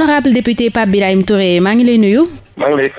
honorable député Pape Birahim Touré maa maa ngi lay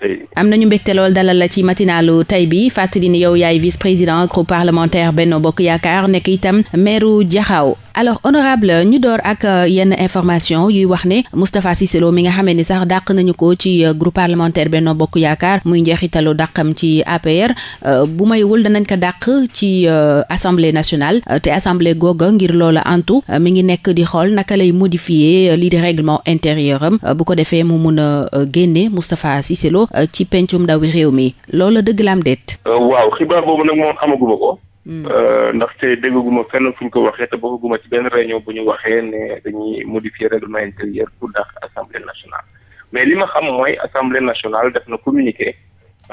fay am nañu mbégte lool dalal la ci matinalu tay bi fàttali ni yow yaay vice président groupe parlementaire benn Bokk Yaakaar nekk itam meeru Jaxaaw alors honorable ñu door ak euh, yenn information yuy wax ne Moustapha Cissé Lo mi nga xamee ni sax dàq nañu ko ci euh, groupe parlementaire Benno Bokk Yaakaar muy njeexitalu dàqam ci APR euh, bu may wul danañ ko dàq ci assemblée nationale te assemblée googa ngir loola antu mi ngi nekk di xool naka lay modifier lii di règlement intérieur am bu ko defee mu mun a génne Moustapha Cissé Lo ci pencum ndawi réew mi loola dëgg laam déet waaw xibaar boobu nag moom amaguma ko Hmm. Euh, ndaxte déggaguma fenn fu ñu ko waxee te bokkaguma ci benn réunion bu ñu waxee ne dañuy modifier règlement intérieur pour dàq assemblée nationale mais li ma xam mooy assemblée nationale def na communiqué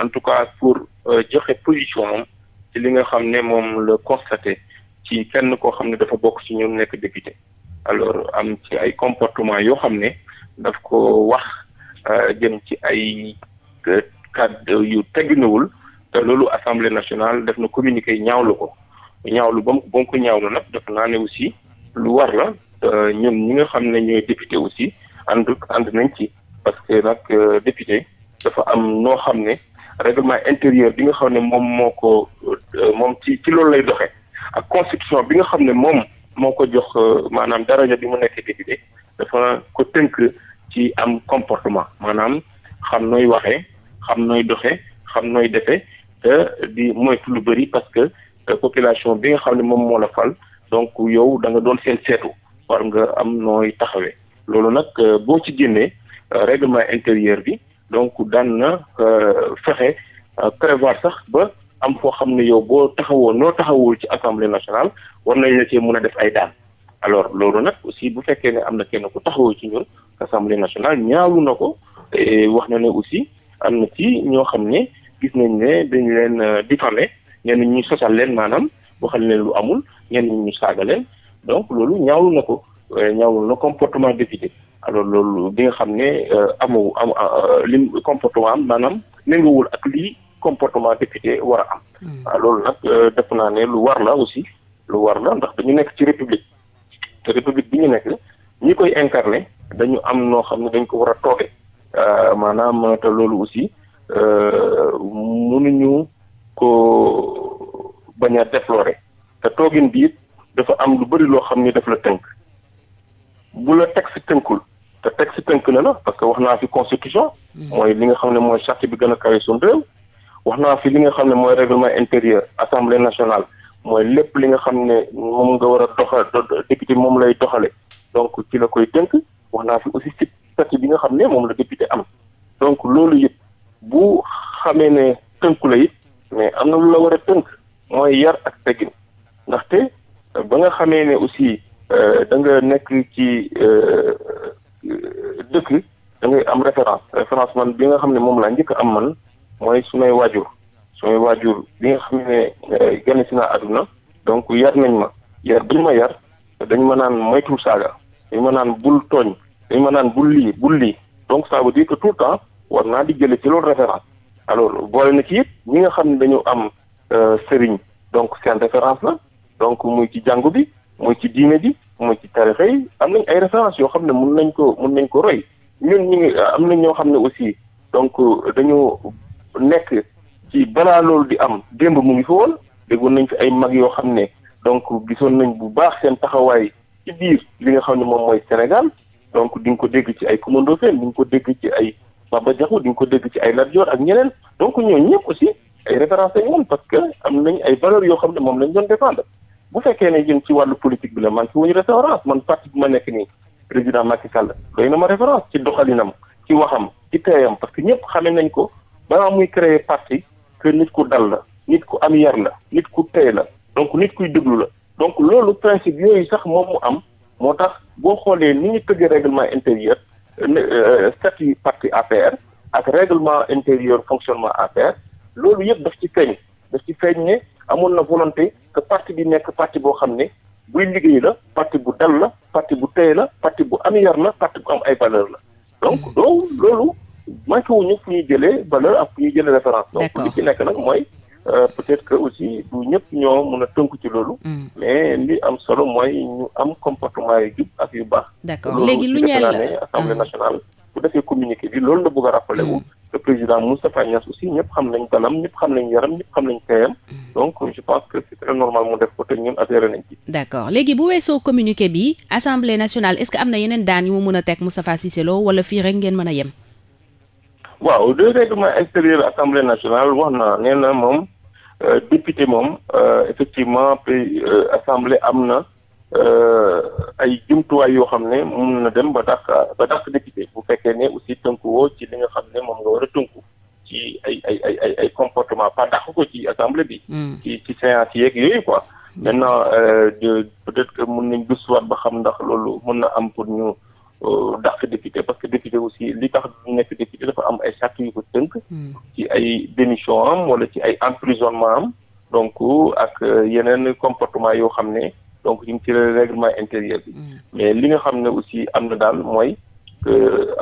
en tout cas pour euh, joxe position am ci li nga xam ne moom la constaté ci kenn koo xam ne dafa bokk ci ñun nekk député alors am ci ay comportement yoo xam ne daf ko wax euh, jëm ci ay kàddu yu tegginawul te loolu assemblée nationale def na communiqué ñaawlu ko ñaawlu ba mu ba mu ko ñaawlu nag def naa ne aussi lu war la ñun ñi nga xam ne ñooy député aussi ànd ànd nañ ci parce que nag euh, député dafa am noo xam ne règlement intérieur bi nga xam ne moom moo ko euh, moom ci ci loolu lay doxee ak constitution bi nga xam ne moom moo ko jox euh, maanaam daraja bi mu nekk député dafa ko tënk ci am comportement maanaam xam nooy waxee xam nooy doxe xam nooy defee te euh, di moytu lu bëri parce que euh, population bi nga xam ne moom moo la fal donc yow da nga doon seen seetu war nga am nooy taxawee loolu nag euh, boo ci génnee règlement intérieur bi donc daan na fexe prévoir sax ba am foo xam ne yow boo taxawoo noo taxawul ci assemblée nationale war nañ la cee mun a def ay daan alors loolu nag aussi bu fekkee ne am na kenn ku taxawoo ci ñun assemblée nationale ñaawlu na ko wax na ne aussi am na ci ñoo xam ne. gis nañ ne dañu leen euh, diffamé ngeen ñu sosal leen maanaam waxal leen lu amul ñenn ñu saaga leen donc loolu ñaawlu na ko euh, ñaawlu na comportement député alors loolu bi nga xam ne euh, amu am lim comportement am maanaam méngoowul ak lii comportement député war a am. Hmm. Ah, loolu nag def naa ne lu war la aussi lu war la ndax dañu nekk ci république te république bi ñu nekk ñi koy incarné dañu am noo xam ne dañ ko war a tooge maanaam te loolu aussi. Euh, mënuñu ko bañ a déplorer te toogin bi dafa am lu bëri loo xam ni daf la tënk bu la texte tënkul te tex tënk na la parce que wax naa fi constitution hmm. mooy li nga xam ne mooy charte bi gën a kawe suñu wax naa fi li nga xam ne mooy règlement intérieur assemblée nationale mooy lépp li nga xam ne moom nga war a doxal député moom lay doxale donc ci la koy tënk wax naa fi aussi ci statut bi nga xam ne moom la député am donc loolu yëpp bu xamee ne tënku la it mais am na lu la war a tënk mooy yar ak teggin ndaxte ba nga xamee ne aussi euh, da nga nekk ci euh, euh, dëkk da ngay am référence référence man bi nga xam ne moom laa njëkk am man mooy su may waajur su may waajur bi nga xam ne génn si naa àdduna donc yar nañ ma yar bu ñu ma yar dañ ma naan moytuwul saaga dañ ma naan bul tooñ dañ ma naan bul lii bul lii donc ça veut dire que le temps war naa di jëlee ci loolu référence alors boole na ci it ñi nga xam ne dañu am euh, sëriñ donc seen référence la donc muy ci jàngu bi muy ci diine ji muy ci tarixa yi am nañ ay référence yoo xam ne mun nañ ko mun nañ ko roy ñun ñi ngi am nañ ñoo xam ne aussi donc dañu nekk ci balaa loolu di am démb mu ngi fi woon déggoon nañ fi ay mag yoo xam ne donc gisoon nañ bu baax seen taxawaay ci biir li nga xam ne moom mooy Sénégal donc di ko dégg ci ay commando fen di nga ko dégg ci ay Bamba Diakhou di nga ko dégg ci ay Lat Joor ak ñeneen donc ñooñu ñëpp aussi ay référence lañ woon parce que am nañu ay valeurs yoo xam ne moom lañ doon défendre bu fekkee ne jëm ci wàllu politique bi la man ci wuñu référence man parti bi ma nekk nii président Macky Sall doy na ma référence ci doxalinam ci waxam ci teeyam parce que ñëpp xamee nañ ko balaa muy créer parti que nit ku dal la nit ku am yar la nit ku teey la donc nit kuy déglu la donc loolu principe yooyu sax moom mu am moo tax boo xoolee ni ñu tëggee règlement intérieur Euh, statut parti APR ak réglement intérieur fonctionnement APR loolu yëpp daf ci feeñ daf ci feeñ ne amoon na volonté que parti bi nekk parti boo xam ne buy liggéey la parti bu dal la parti bu tey la parti bu am yar la parti bu am ay valeur la donc mm-hmm. loolu loolu manqué wuñu fu ñuy jëlee valeur ak fu ñuy jëlee référence donc li ci nekk nag mooy Euh, peut-être que aussi du ñëpp ñoo mun a tënk ci loolu. Mm. mais li am solo mooy ñu am comportement yu jub ak yu baax. d'accord léegi lu ñeel la loolu ne assemblée ah. nationale. bu defee communiqué bi loolu la bëgg a wu. Mm. le président Moustapha Niass aussi ñëpp xam nañ dalam ñëpp xam nañ yaram ñëpp xam nañ teeyam. Mm. donc je pense que c'est très normal mu def ko te ñun adhéré nañ ci. d'accord léegi bu weesoo communiqué bi assemblée nationale est am na yeneen daan yu mu mën a teg Moustapha Cissé Lo wala fii rek ngeen mën a yem. waaw le règlement extérieur assemblée moom. Euh, député moom euh, effectivement euh, assemblée am na ay jumtuwaay yoo xam ne mun na dem ba dàq ba dàq député bu fekkee ne aussi tënkuwoo ci li nga xam ne moom nga war tënku ci ay ay ay ay ay comportement pas dàq ko ci assemblée bi. Hmm. ci ci séance yeeg yooyu quoi. Hmm. maintenant peut-être que mun nañ gëstuwaat ba xam ndax loolu mun na am pour ñu. dàq député parce que député aussi li tax ñu nekk député dafa am ay charte yu ko tënk. Hmm. ci ay démission am wala ci ay emprisonnement am donc ak euh, yeneen comportement yoo xam ne donc ñu ngi ci règlement intérieur bi. Hmm. mais li nga xam ne aussi am na daal mooy que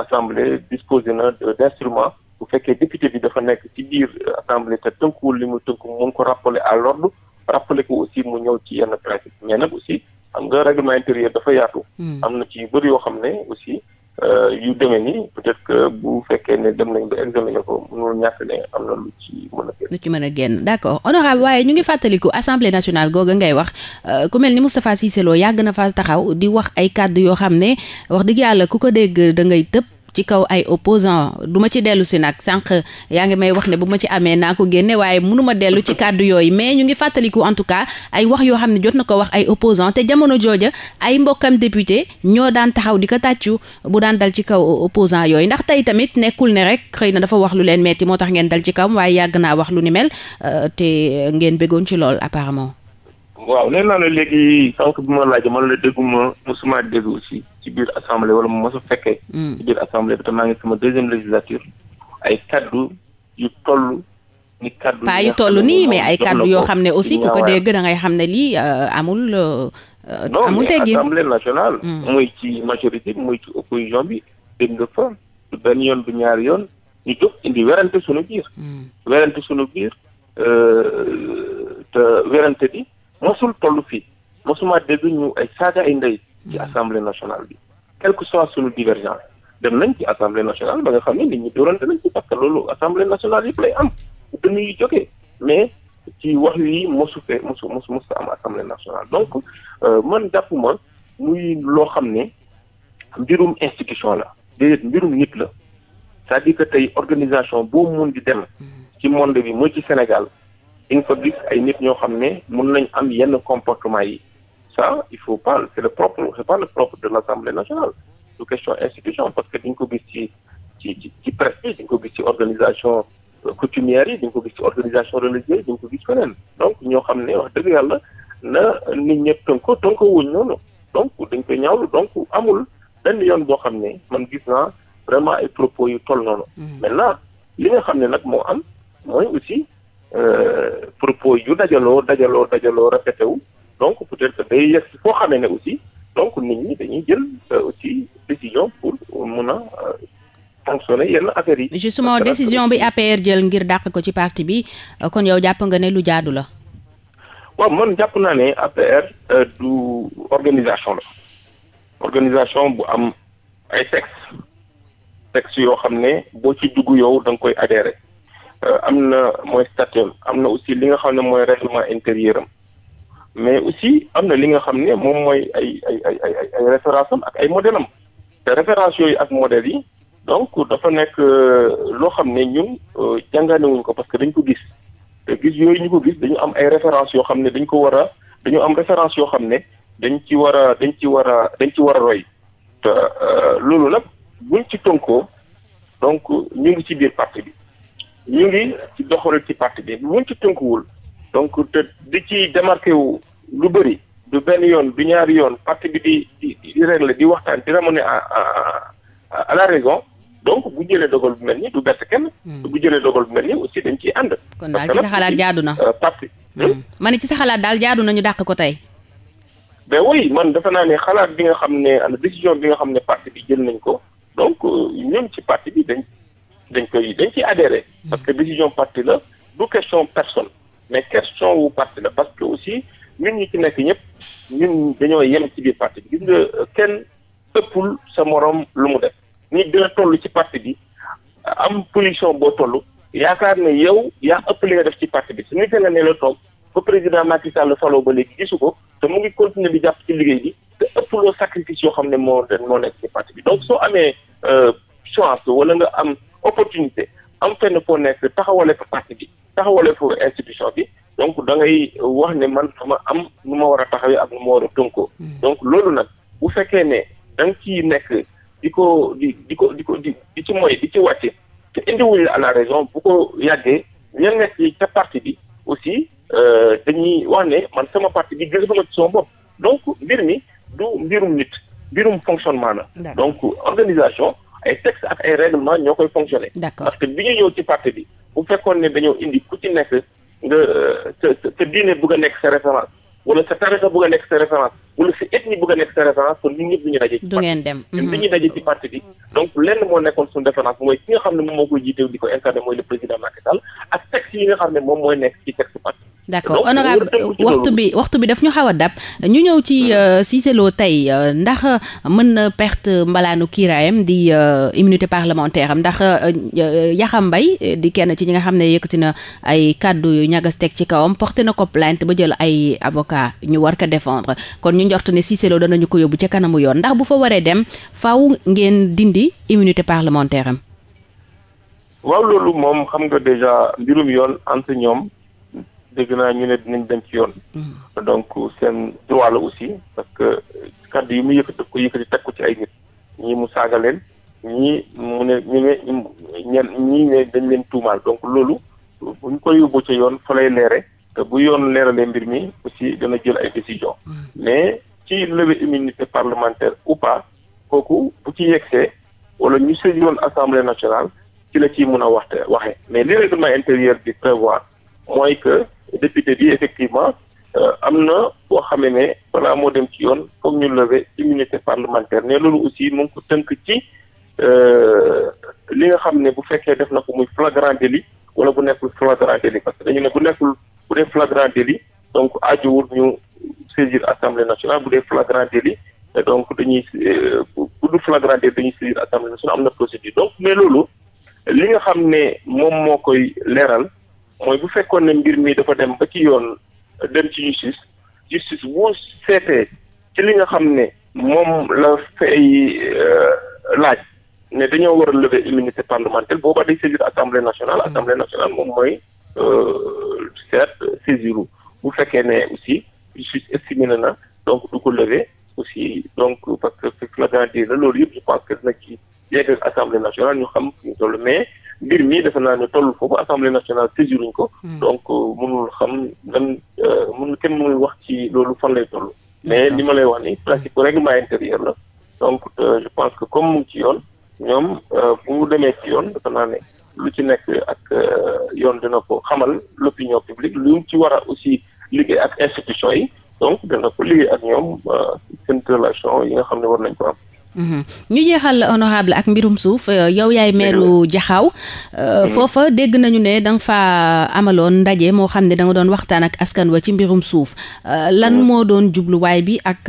assemblée disposé na d' instrument bu fekkee député bi dafa nekk ci biir assemblée te tënkuwul li mu tënk mu ko rappeler à l'ordre rappeler ko aussi mu ñëw ci yenn principe mais nag aussi. am nga règlement intérieur dafa yaatu. Hmm. am na ci yu bëri yoo xam ne aussi euh, yu demee nii peut-être que bu fekkee ne dem nañ ba examiné ko mënul ñàkk ne am na lu ci mën a génn. lu ci mën a d'accord honorable waaye ñu ngi fàttaliku assemblée nationale googa ngay wax euh, ku mel ni Moustapha Cissé Lo yàgg na fa taxaw di wax ay kàddu yoo xam ne wax dëgg yàlla ku ko dégg da ngay tëb. ci kaw ay opposants du ma ci dellu si nag sànq yaa ngi may wax ne bu ma ci amee naa ko génne waaye mënu dellu ci kàddu yooyu mais ñu ngi fàttaliku en tout cas ay wax yoo xam ne jot na ko wax ay opposants te jamono jooja ay mbokkam député ñoo daan taxaw di ko tàccu bu daan dal ci kaw opposants yooyu ndax tey tamit nekkul ne rek xëy na dafa wax lu leen metti moo tax ngeen dal ci kaw waaye yàgg naa wax lu ni mel euh, te ngeen béggoon ci lool apparemment waaw nee naa la léegi sànq bi ma laaj man la dégguma suma dégg aussi ci biir assemblée wala mu mos a fekkee. Hmm. ci biir assemblée bi te maa ngi sama deuxième législature ay kaddu yu toll. ni kaddu pas yu toll nii mais ay kaddu yoo xam ne aussi ku ko dégg da ngay xam ne lii euh, amul. Euh, amul teggin non assemblée nationale. Hmm. muy ci majorité mooy muy ci opposition bi dégg nga fa du benn yoon du ñaari yoon ñu jóg indi werante sunu biir. Hmm. sunu biir euh, te werante bi. mosul toll fii mosuma dégg ñu ay saaga ay ndey ci hmm. assemblée nationale bi quel que soit suñu divergence dem nañ ci assemblée nationale ba nga xam ne nit ñi dóorante nañ ci parce que loolu assemblée nationale yëpp lay am dañuy jógee mais ci wax yi mosu fee mosu mosu mosu am assemblée nationale donc euh, man jàpp ma muy loo xam ne mbirum institution la déedéet mbirum nit la c'est-à-dire tey organisation boo mun di dem hmm. ci monde bi mooy ci Sénégal di nga fa gis ay nit ñoo xam ne mun nañ am yenn comportement yi ça il faut pas c'est le propre c'est pas le propre de l'Assemblée nationale du question institution parce que di ñu ko gis ci ci ci presse bi di nga ko gis ci organisation euh, coutumière yi di nga ko gis ci organisation religieuse yi di nga ko gis feneen donc ñoo xam ne wax dëgg yàlla na nit ñëpp tënkoo tënkoo wuñ noonu donc dañ koy ñaawlu donc amul benn yoon boo xam ne man gis naa vraiment ay propos yu toll noonu mm-hmm. maintenant li nga xam ne nag moo am mooy aussi pour euh, propos yu dajaloo dajaloo dajaloo répété wu donc peut-être day yegg si foo xamee ne aussi donc nit ñi dañuy jël euh, aussi décision pour mun a fonctionner euh, yenn affaires yi. justement décision bi APR jël ngir dàq ko ci parti bi kon yow jàpp nga ne lu jaadu la. waaw man jàpp naa ne APR du organisation la organisation bu am ay texte texte yoo xam ne boo ci dugg yow danga koy adhéré. Euh, am na mooy statut am na aussi li nga xam ne mooy règlement intérieur am mais aussi am na li nga xam ne moom mooy ay ay ay ay ay am ak ay modèle am te référence yooyu ak modèle yi donc dafa nekk euh, loo xam ne ñun euh, jàngaanewuñ ko parce que dañ ko gis te gis yooyu ñu ko gis dañu am ay référence yoo xam ne dañ ko war a dañu am référence yoo xam ne dañ ci war a dañ ci war a dañ ci war a roy te loolu nag buñ ci tonkoo donc ñu ngi ci biir parti bi ñu ngi ci doxal ci parti bi buñ ci tënkuwul donc te di ci démarqué wu lu bëri du benn yoon du ñaari yoon parti bi di di di di waxtaan di ramener à à la raison donc bu jëlee dogal bu mel nii du bett kenn. Hmm. bu jëlee dogal bu mel nii aussi dañ ci ànd. kon daal ci sa xalaat jaadu na euh, parti. Hmm. Hmm? man ne ci sa xalaat daal jaadu nañu ñu dàq ko tey. mais oui man defe naa ne xalaat bi nga xam ne décision bi nga xam ne parti bi jël nañ ko donc euh, ñun ci parti bi dañ. dañ koy dañ ciy adhéré parce que décision parti la du question personne mais question wu parti la parce que aussi ñun ñi ci nekk ñëpp ñun dañoo yem ci biir parti bi gis nga kenn ëppul sa morom lu mu def nit dina toll ci parti bi am position boo toll yaakaar ne yow yaa ëpp li nga def ci parti bi su nit nga ne la toog ba président Macky Sall solo ba léegi gisu ko te mu ngi continuer di jàpp ci liggéey bi te ëpploo sacrifice yoo xam ne moo moo nekk ci parti bi donc soo amee euh, chance wala nga am opportunité am fenn foo nekk taxawale fa parti bi taxawale fa institution bi donc da ngay wax ne man sama am nu ma war a taxawee ak nu ma war a tënkoo hmm. donc loolu nag bu fekkee ne da nga ciy nekk di ko di di ko di ko di ci mooy di ci wàcce te indiwuñu à la raison bu ko yàggee ña nekk ca parti bi aussi euh, dañuy wax ne man sama parti bi gisatuma ci sama bopp donc mbir mi du mbirum nit mbirum fonctionnement la donc organisation ay texte ak ay règlement ñoo koy fonctionner. parce que bi ñu ñëw ci parti bi bu fekkoon ne dañoo indi ku ci nekk nga sa sa diine bëgg a nekk sa référence wala sa tarixa bëgg a nekk sa référence wala si ethnie bëgg a nekk sa référence kon du ñu daje. du ngeen dem ñun mhm. du ñu daje ci parti bi. donc lenn moo nekkoon suñu référence mooy ki nga xam ne moom moo koy jiite di ko incarné mooy le président Macky ak texte yi nga xam ne moom mooy nekk ci texte waxtu bi waxtu bi daf ñu xaw a dab ñu ñëw ci mhm. euh, Cissé Lo tey euh, ndax euh, mën na perte mbalaanu kiiraayam di immunité parlementaire am ndax Yaxam Mbaye di kenn ci ñi nga xam ne yëkkati na ay kàddu yu ñagas teg ci kawam porté na ko plainte ba jël ay avocat ñu war ko défendre njort ne Cissé Lo danañu ko yóbbu ca kanamu yoon ndax bu fa waree dem faaw ngeen dindi immunité parlementaire am. waaw loolu moom xam nga déjà mbirum yoon entre ñoom dégg naa ñu ne dinañ dem ci yoon. Mm-hmm. donc seen droit la aussi parce que kàddu yi mu yëkkati daf ko yëkkati teg ko ci ay nit ñii mu saaga leen ñii mu ne ñu ñii ne dañ leen tuumaal donc loolu bu ñu koy yóbbu ca yoon fa lay leere te bu yoon leeralee mbir mi aussi dana jël ay décision mm. mais ci levée immunité parlementaire ou pas kooku bu ci yegsee wala ñu sëñ yoon assemblée nationale ci la ciy mun a waxte waxee mais li règlement intérieur bi prévoir mooy que député bi effectivement euh, am na boo xamee ne balaa moo dem ci yoon comme ñu lever immunité parlementaire ne loolu aussi mu ngi ko tënk ci euh, li nga xam ne bu fekkee def na ko muy flagrant délit wala bu nekk flagrant délit flagrant délit donc aajowul ñu saisir assemblée nationale bu dee flagrant délit donc dañuy euh, bu du flagrant délit dañuy saisir assemblée nationale am na procédure donc mais loolu li nga xam ne moom moo koy leeral mooy bu fekkoon ne mbir mi dafa dem ba ci yoon dem ci justice justice bu seetee ci li nga xam ne moom la fay euh, laaj ne dañoo war a lever immunité parlementaire booba day saisir assemblée nationale hmm. assemblée nationale moom mooy Euh, seet saisiru bu fekkee ne aussi justice estimé na na donc du ko lever aussi donc parce que c'est flagrant délit la loolu yëpp je pense que dina ci yeggal assemblée nationale ñu xam ñu toll mais mbir mi defe naa ne toll foofu assemblée nationale saisiruñ ko. Hmm. donc euh, mënul xam lan euh, mënul kenn mënul wax ci loolu fan lay toll. mais li ma lay wax ni principe règlement intérieur la donc je pense que comme mu ci yoon ñoom bu demee ci yoon defe naa ne. lu ci nekk ak euh, yoon dina ko xamal l'opinion publique lu ci war a aussi liggéey ak institution yi donc dana ko liggéey ak ñoom euh, yi nga xam ne war nañ ko am. Mhm. ñu jeexal honorable ak mbirum suuf euh, yow yaay meeru jaxaaw mhm. foofa dégg nañu ne danga fa amaloon ndaje moo xam ne danga doon waxtaan ak askan wa ci mbirum suuf lan mhm. moo doon jubluwaay bi ak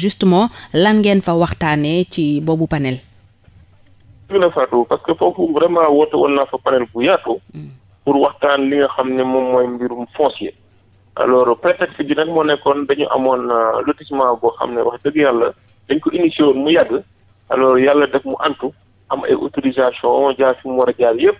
justement lan ngeen fa waxtaanee ci boobu panel fi la Fatou parce que foofu vraiment woote woon naa fa panel bu yaatu. Hmm. pour waxtaan li nga xam ne moom mooy mbirum foncier. alors prétexte bi nag moo nekkoon dañu amoon euh, lotissement boo xam ne wax dëgg yàlla dañ ko initié woon mu yàgg. alors yàlla def mu antu am ay autorisation jaar fi mu war a jaar yëpp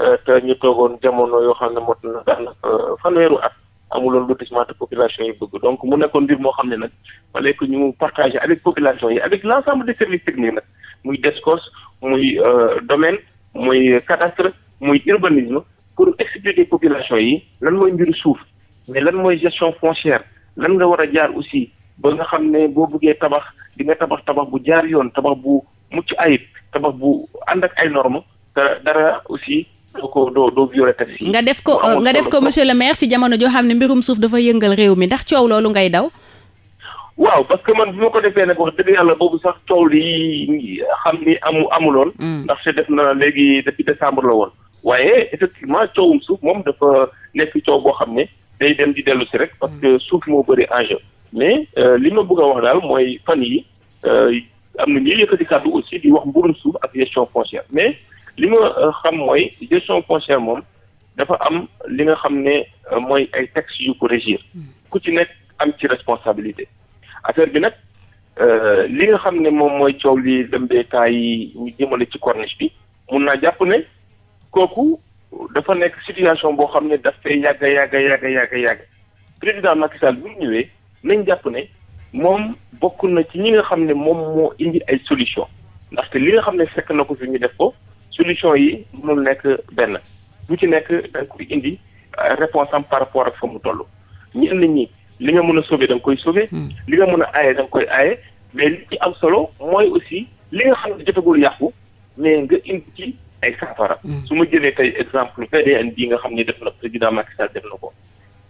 euh, te ñu toogoon jamono yoo xam ne mot na daanaka euh, fanweeru at. amuloon lotissement te population yi bëgg donc mu nekkoon mbir moo xam ne nag fallait que ñu partager avec population yi avec l' ensemble des services techniques nag muy DSCOS muy euh, domaine muy cadastre muy urbanisme pour expliquer population yi lan mooy mbiru suuf mais lan mooy gestion foncière lan nga war a jaar aussi ba nga xam ne boo buggee tabax di nga tabax tabax bu jaar yoon tabax bu mucc ayib tabax bu ànd ak ay normes te dara aussi doo ko doo doo violer tax nga def ko nga def ko monsieur le maire ci jamono joo ne mbirum suuf dafa yëngal réew mi ndax coow loolu ngay daw. waaw parce que man bi ma ko defee nag wax dëgg yàlla boobu sax coow li xam ni amu amuloon. Mm. ndax def na léegi depuis décembre la woon. waaye effectivement coowum suuf moom dafa nekk coow boo xam ne day dem di dellu si rek. parce que mm. suuf moo bëri enjeu. mais euh, li ma bëgg a wax daal mooy fan yi euh, am na ñuy yëkkati kàddu aussi li ma euh, xam mooy gestion foncière moom dafa am li nga xam ne euh, mooy ay textes yu ko régir ku ci nekk am ci responsabilité affaire bi nag euh, li nga xam ne moom mooy coow li lëmbeekaa yi ñu jëmale ci corniche bi mun naa jàpp ne kooku dafa nekk situation boo xam ne daf fay yàgg yàgg yàgg yàgg yàgg président Macky Sall bu ñëwee nañ jàpp ne moom bokk na ci ñi nga xam ne moom moo indi ay solution ndaxte li nga xam ne fekk na ko fi ñu def ko solution yi mënul nekk benn bu ci nekk da koy indi euh, réponse par rapport ak fa mu toll ñenn ñi li nga mën a sauver danga koy sauver hmm. li nga mën a aaye da koy aye mais li ci am solo mooy aussi li nga xam ne jotagul yàqu mais nga indi ci ay saafara hmm. su ma jëlee tey exemple n bii nga xam ne def na président Macky Sall def na ko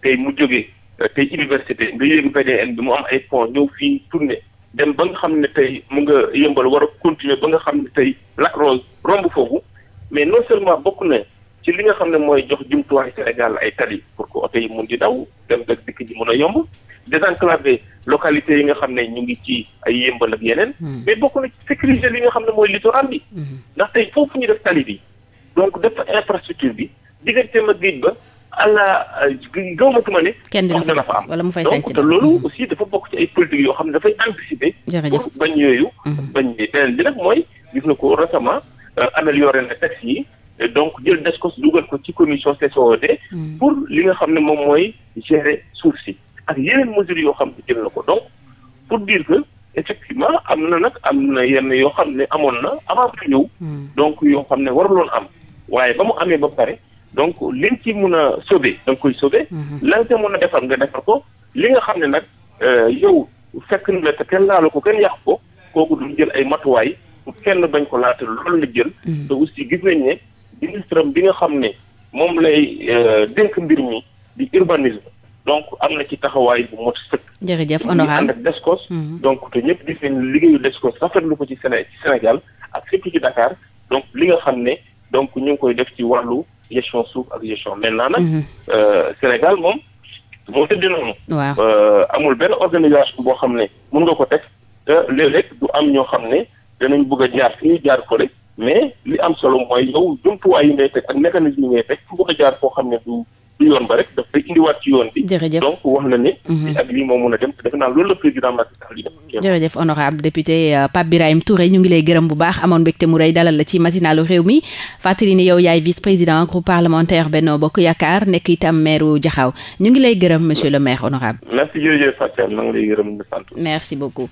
tey mu jógee euh, tey université nga yéegi VDN bi mu am ay pont ñëw fii tourné dem ba nga xam ne tey mu nga yëmbal war a continuer ba nga xam ne tey Lac Rose romb foofu mais non seulement bokk na ci li nga xam ne mooy jox jumtuwaay Sénégal ay tali pour que oto mun di daw dem ak dikk ji mun a yomb désenclaver localités yi nga xam ne ñu ngi ci ay yëmbal ak yeneen. Hmm. mais bokk na ci li nga xam ne mooy littoral bi. Hmm. ndax tey foofu ñu def tali bi donc def infrastructure bi diggante ma géej ba. allah euh, gaw ma ma ne. kenn dina fa am wala mu fay sànq te loolu mhm. aussi dafa bokk ci ay politique yoo xam ne dafay anticiper. jërëjëf pour bañ yooyu. Mhm. bañ beneen bi nag mooy gis na ko récemment euh, amélioré na taxes yi donc jël DSCOS dugal ko ci commission CCOD. Mhm. pour li nga xam ne moom mooy gérer suuf si ak yeneen mesures yoo xam ne jël na ko donc pour dire que effectivement am na nag am na yenn yoo xam ne amoon na avant ñëw. donc yoo xam ne war loolu am waaye ba mu amee ba pare. donc li ci mun a sauver da koy sauver. Mhm. la nga mën a defar nga defar ko li nga xam ne nag euh, yow fekk na la te kenn laalu ko kenn yàqu ko kooku du jël ay matuwaay pour kenn bañ ko laata loolu la jël. Mhm. te aussi gis nañ ne ministre bi nga xam ne moom lay euh, dénk mbir mi di urbanisme. donc am na ci taxawaay bu mot sëkk. jërëjëf honorable ànd ak Descos. Mhm. donc te ñëpp di nañ liggéeyu Descos rafetlu ko ci Séné ci Sénégal ak surtout ci Dakar donc li nga xam ne donc ñu ngi koy def ci wàllu. gestion suuf ak gestion maintenant nag. Mhm. Euh, Sénégal moom moo tëdd noonu. waaw euh, amul benn organisation boo xam ne mën nga ko teg te léeg du am ñoo xam ne danañ bëgg a jaar fii jaar ko rek mais li am solo mooy yow jumtuwaay yi ngay teg ak mécanisme yi ngay teg fu bëgg jaar koo xam ne du. ci yoon ba rek daf koy indiwaat ci yoon bi. donc wax na ne. lii mhm. ak lii moo mun a dem te defe naa loolu la président Macky Sall def. jërëjëf honorable député euh, Pape Birahim Touré ñu ngi lay gërëm bu baax amoon mbégte mu rey dalal la ci matinalu réew mi fàttali ni yow yaay vice président groupe parlementaire benn Bokk Yaakaar nekk itam maire jaxaw ñu ngi lay gërëm monsieur le maire honorable merci jërëjëf Fatou Seye maa lay gërëm di sant. merci beaucoup.